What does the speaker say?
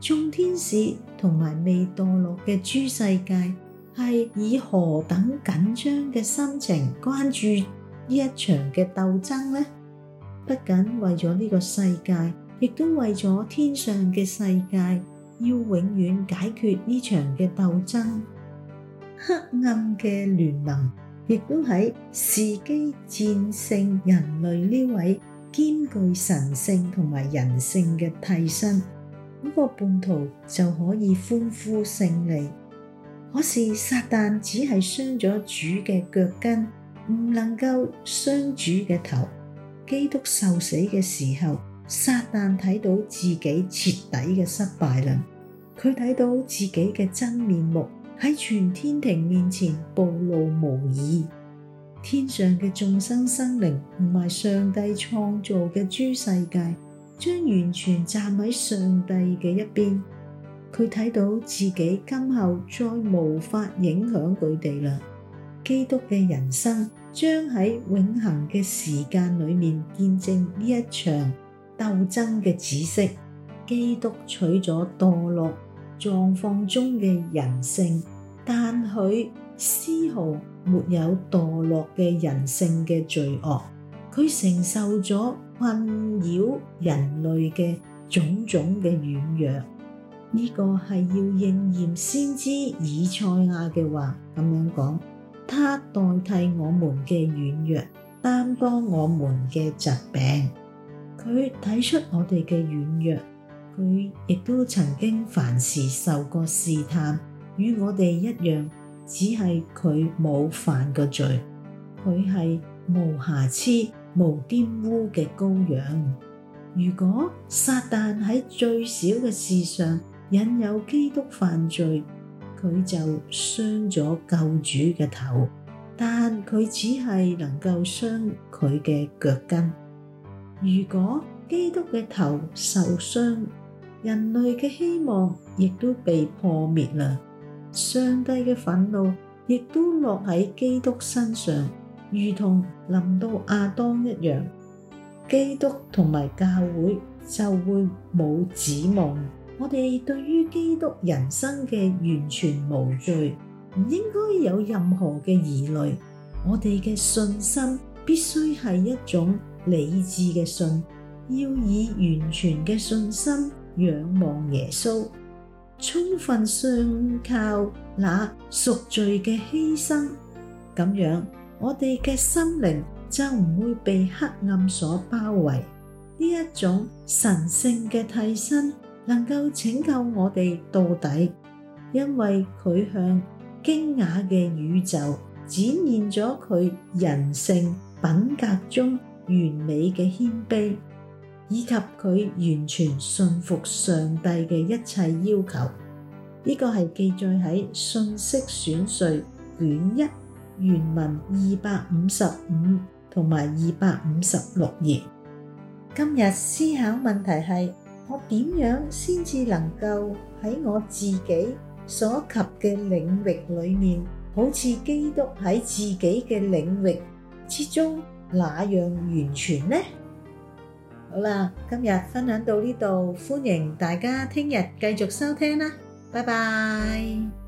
眾天使同埋未墮落嘅諸世界，係以何等緊張嘅心情關注呢一場嘅鬥爭呢？不僅為咗呢個世界，亦都為咗天上嘅世界，要永遠解決呢場嘅鬥爭。黑暗嘅聯盟亦都喺伺機戰勝人類呢位兼具神性同埋人性嘅替身。嗰個叛徒就可以歡呼勝利，可是撒旦只係傷咗主嘅腳跟，唔能夠傷主嘅頭。基督受死嘅時候，撒旦睇到自己徹底嘅失敗啦，佢睇到自己嘅真面目喺全天庭面前暴露無遺，天上嘅眾生生靈同埋上帝創造嘅諸世界。將完全站喺上帝嘅一邊，佢睇到自己今後再無法影響佢哋啦。基督嘅人生將喺永恆嘅時間裏面見證呢一場鬥爭嘅止息。基督取咗墮落狀況中嘅人性，但佢絲毫沒有墮落嘅人性嘅罪惡，佢承受咗，困擾人類嘅種種嘅軟弱，呢、這個係要應驗先知以賽亞嘅話咁樣講。他代替我們嘅軟弱，擔當我們嘅疾病。佢睇出我哋嘅軟弱，佢亦都曾經凡事受過試探，與我哋一樣，只係佢冇犯過罪，佢係無瑕疵。無玷污嘅羔羊。如果撒旦喺最小嘅事上引誘基督犯罪，佢就傷咗救主嘅頭，但佢只係能夠傷佢嘅腳跟。如果基督嘅頭受傷，人類嘅希望亦都被破滅啦，上帝嘅憤怒亦都落喺基督身上。如同臨到亞當一樣，基督同埋教會就會冇指望。我哋對於基督人生嘅完全無罪，唔應該有任何嘅疑慮。我哋嘅信心必須係一種理智嘅信，要以完全嘅信心仰望耶穌，充分信靠那贖罪嘅犧牲，咁樣。我哋嘅心靈就唔會被黑暗所包圍。呢一種神聖嘅替身能夠拯救我哋到底，因為佢向驚訝嘅宇宙展現咗佢人性品格中完美嘅謙卑，以及佢完全信服上帝嘅一切要求。呢個係記載喺《信息選粹》卷一。原文二百五十五同埋二百五十六頁。今日思考問題係：我點樣先至能夠喺我自己所及嘅領域裏面，好似基督喺自己嘅領域之中那樣完全呢？好啦，今日分享到呢度，歡迎大家聽日繼續收聽啦，拜拜。